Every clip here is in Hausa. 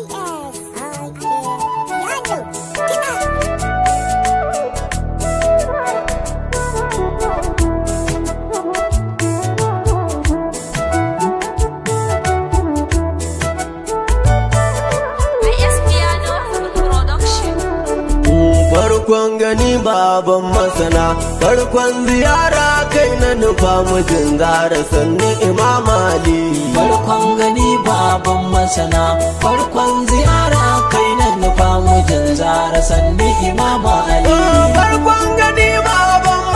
Oh. farkon gani baban masana farkon ziyara kai na nufa mijin gara sannu imam ali farkon gani baban masana farkon ziyara kai na nufa mijin zara sannu imam ali farkon oh, gani baban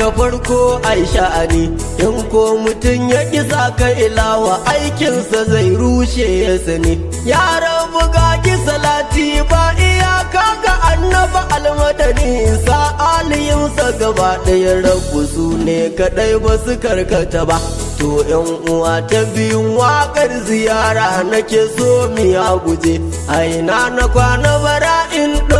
ka farko aisha in ko mutum ya kisa ka ilawa aikinsa zai rushe ya sani yaran buga ki salati ba iyaka ga annaba almadani sa'aliyinsa gaba ɗaya rabu su ne kaɗai ba su karkata ba to yan uwa ta biyun wakar ziyara nake so miya guje aina na kwana bara in ɗo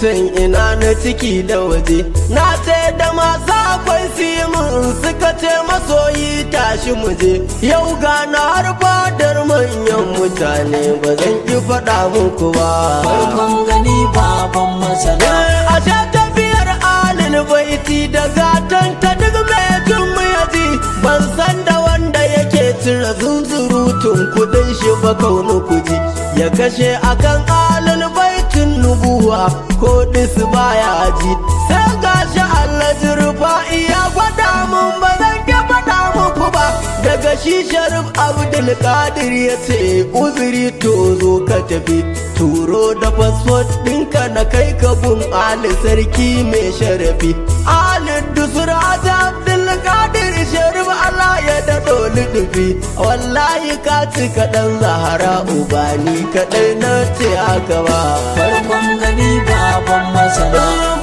san ina na ciki da waje na ce da masu akwai simin suka ce masoyi tashi muje yau ga na har fadar manyan mutane ba zan ki faɗa muku ba farkon gani baban masana eh, a ta tafiyar alin baiti da gatan ta duk mai jin yaji ban san da wanda yake cire zunzurutun kudin shi ba kaunu kuji ya kashe akan ba. rubuwa ko disu baya ji sai gashi Allah rufa'i iya gwada mun ba zan ke fada muku ba daga shi sharif abdulkadir ya ce uzuri to zo ka tafi turo da fasfo ɗinka na kai ka gun ali sarki mai sharafi ali dusra ta qadir sharif saura ya daɗo luɗubi wallahi ka ci kaɗan zahara uba ni kaɗai na ce haka ba farkon gani baban masana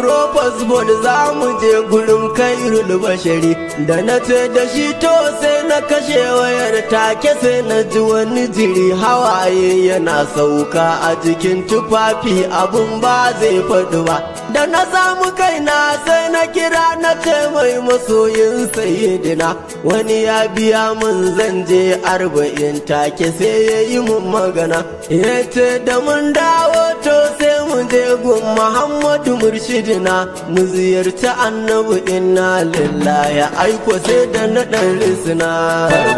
Europas fasbod za mu je gurin kairul bashari da na ce da shi to sai na kashe wayar take sai na ji wani jiri hawaye yana sauka a jikin tufafi abun ba zai faɗi ba da na samu kaina sai na kira na ce mai masoyin sayidina wani ya biya mun zan je arba'in take sai ya yi mun magana ya ce da mun dawo to sai mu je gun Muhammadu murshidina mu ziyarci annabi inna lillahi aiko sai da na dan risina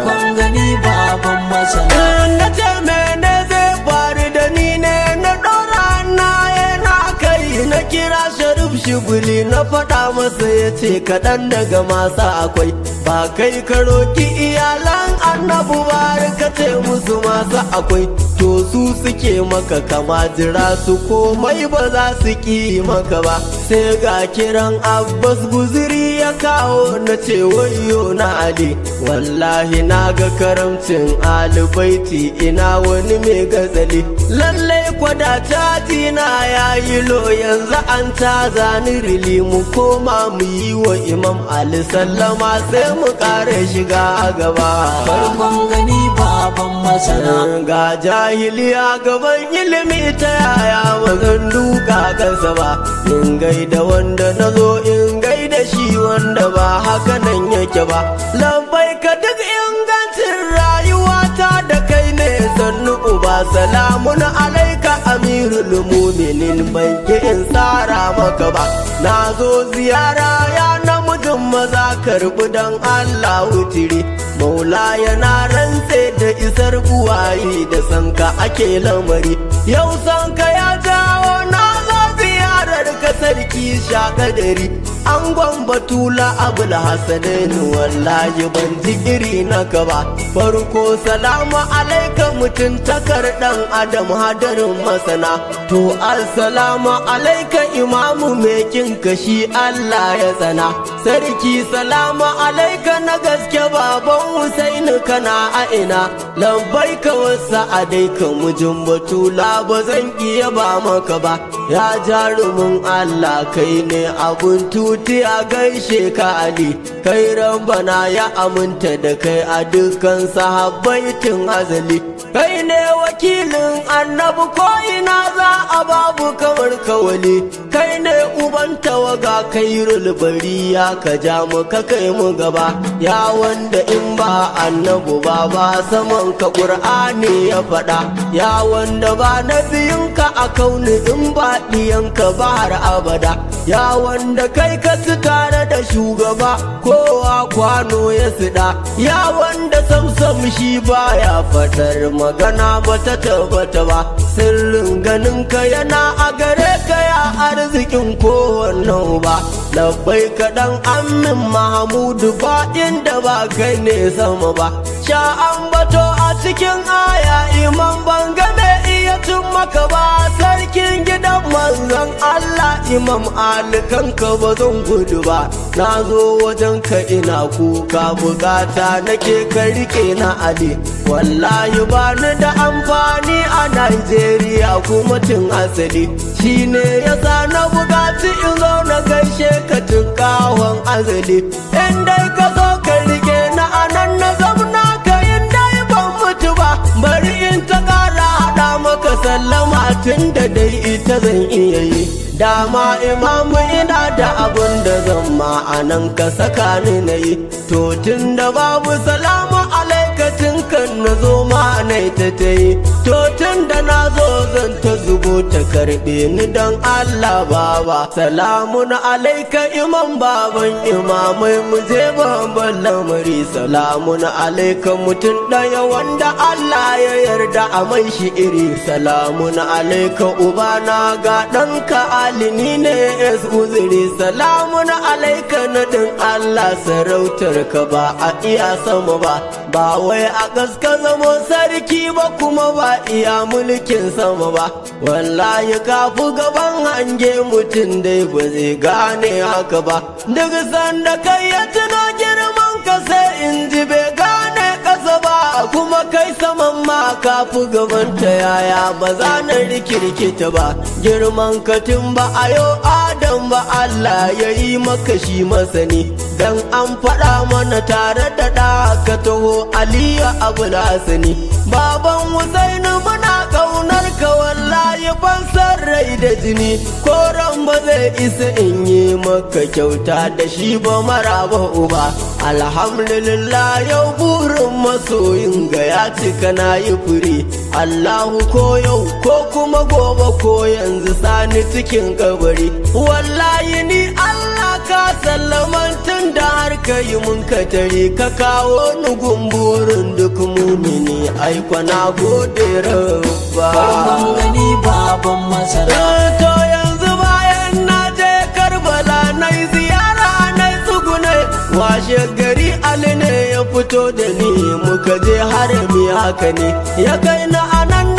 kun gani baban masana eh, na ce mene zai faru da ni ne na dora eh, na yana kai na kira sharif shibuli na faɗa masa ya ce kaɗan daga masa akwai ba kai ka roki iyalan annabu ba ka ce musu masa akwai to su suke maka kama jira su komai ba za su ki maka ba sai ga kiran abbas guziri ya kawo na ce wayo na ali wallahi na ga karamcin alibaiti ina wani mai gazali lallai kwada caji na yayi lo yanzu an ta zani rili mu koma mu yi wa imam ali sallama sai mu kare shiga gaba gani baban masana ga jahiliya gaban ilimi ta yaya wajen duka kansa ba in gaida wanda na zo in gaida shi wanda ba haka nan yake ba lambai ka duk ingancin rayuwata da kai ne sannu uba salamun alaika amirul muminin ban in tsara maka ba na zo ziyara yana dan maza karbi dan Allah wutiri maula yana rantse da isar buwaye da sanka ake lamari yau sanka ya jawo na zo ziyarar ka sarki shakadari angon batula abul hasanin wallahi ban ji iri na ka ba farko salamu alaika mutum takar dan adam hadarin masana to assalamu alaika imamu mai kin kashi Allah ya tsana sarki salamu alaika na gaske baban Husainu kana a ina lambai ka wasa ka mujin batula ba zan iya ba maka ba ya jarumin Allah kai ne abun tu kuti a gaishe ka ali kai bana ya aminta da kai a dukkan sahabbaitin azali kai ne wakilin annabi ko ina za a babu kamar kawali kai ne uban tawaga kai rulbari ya ka ja mu ka kai mu gaba ya wanda in ba annabu ba ba saman ka Ƙur'ani ya faɗa ya wanda ba ka a kauni in ba ɗiyanka ba har abada ya wanda kai ka si tare da shugaba kowa kwano ya suɗa ya wanda samsam shi baya fatar magana bata tabbata ba sirrin ganin ka yana a gare ka ya arzikin kowanne ba labbai kaɗan amin mahamudu ba inda ba kai ne sama ba sha'an bato a cikin aya iman ban imam alikanka ba zan gudu ba na zo wajen ka ina kuka bukata nake ka na ali wallahi ba ni da amfani a najeriya kuma tun asali shine yasa na bukaci in zo na gaishe ka tun kawon azali in dai ka zo ka rike na anan na zamna ka in dai ban mutu ba bari in ta kara hada maka sallama tun da dai ita zan yi. dama imamu ina da abun da zama a nan ka saka ni na yi to tun da babu salama lokacin kan na zo ma nai ta ta yi to tun da na zo zan ta zubo ta karɓe ni dan Allah baba salamun alaika imam baban imamai mu je babban lamari salamun alaika mutum ɗaya wanda Allah ya yarda a mai shi iri salamun alaika na ga ɗanka alini ne es uzuri salamun alaika na dan Allah sarautar ka ba a iya sama ba ba wai a gaska zamo sarki ba kuma ba iya mulkin sama ba wallahi kafu gaban hange mutum dai ba zai gane haka ba duk sanda kai ya tuno girman ka sai in ji bai kuma kai saman ma ka fi ta yaya ba za na rikirkita ba girman katin ba a yau adam ba Allah ya yi maka shi masani dan an faɗa mana tare da ɗa ka taho aliyu abu lasani baban husainu muna ƙaunar ka wallahi ban san rai da jini koran ba zai isa in yi maka kyauta da shi ba maraba uba alhamdulillah yau burin masoyin ga ya cika na yi fure allahu ko yau ko kuma gobe ko yanzu sani cikin kabari wallahi ni ka tun da har ka yi mun tare ka kawo ni gumburin duk mumini aiko na gode rabba baban masara eh, to yanzu bayan na je karbala na yi ziyara na yi tsugune washe gari ali ne ya fito da ni muka je harami haka ne ya kai na anan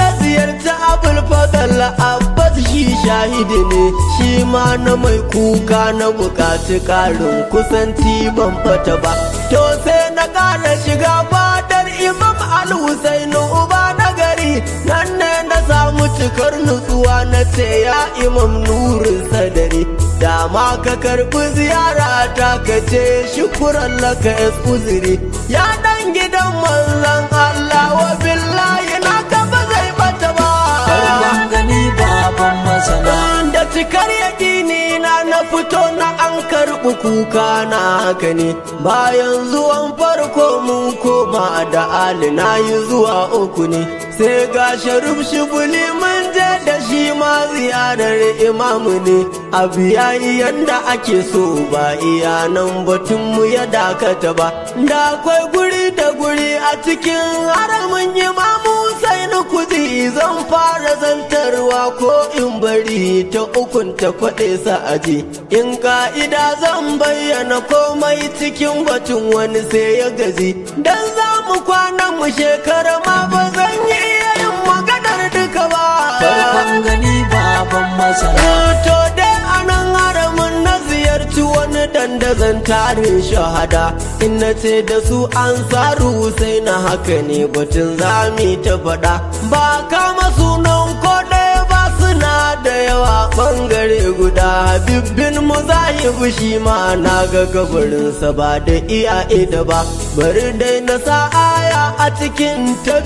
abulfadal abbas shi shahidi ne shi ma na mai kuka na bukaci karin kusanci ban fata ba to sai na ƙara shiga fadar imam al-husainu uba na gari nan ne na samu cikar nutsuwa na ce ya imam nurin sadari dama ka karɓi ziyara ta ka ce shukuran laka uzuri ya taɓi kuka na haka ne bayan zuwan farko mun koma da ali na yi zuwa uku ne sai ga sharif shibuli taurarar imamu ne abu yi yanda ake so ba iya nan batunmu ya dakata ba da akwai guri da guri a cikin haramin imamu sai na kuzi zan fara zantarwa ko in bari ta ukun ta kwaɗe sa'aji in ka'ida zan bayyana komai cikin batun wani sai ya gaji dan za mu kwana mu shekara ma ba zan yi masara to dai anan haramin na ziyarci wani dandazon tarin shahada in na ce da su an tsaru sai na haka ne batun zami ta faɗa ba kama suna yawa bangare guda habibbin yi shi ma na ga gabarinsa ba da iyaye da ba bari dai na sa aya a cikin ta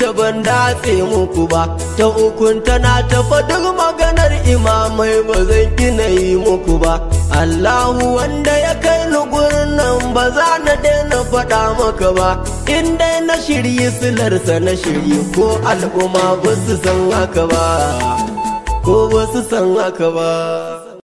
ta ban datse muku ba ta ukun tana ta duk maganar imamai ba zan gina yi muku ba Allahu wanda ya kai ni gurin nan ba za na daina faɗa maka ba in dai na shirye silarsa na shirye ko al'umma ba su san haka ba ko ba su san haka ba